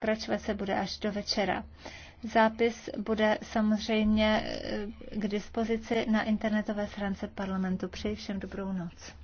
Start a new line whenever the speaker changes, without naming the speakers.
Pokračovat se bude až do večera. Zápis bude samozřejmě eh, k dispozici na internetové stránce parlamentu. Přeji všem dobrou noc.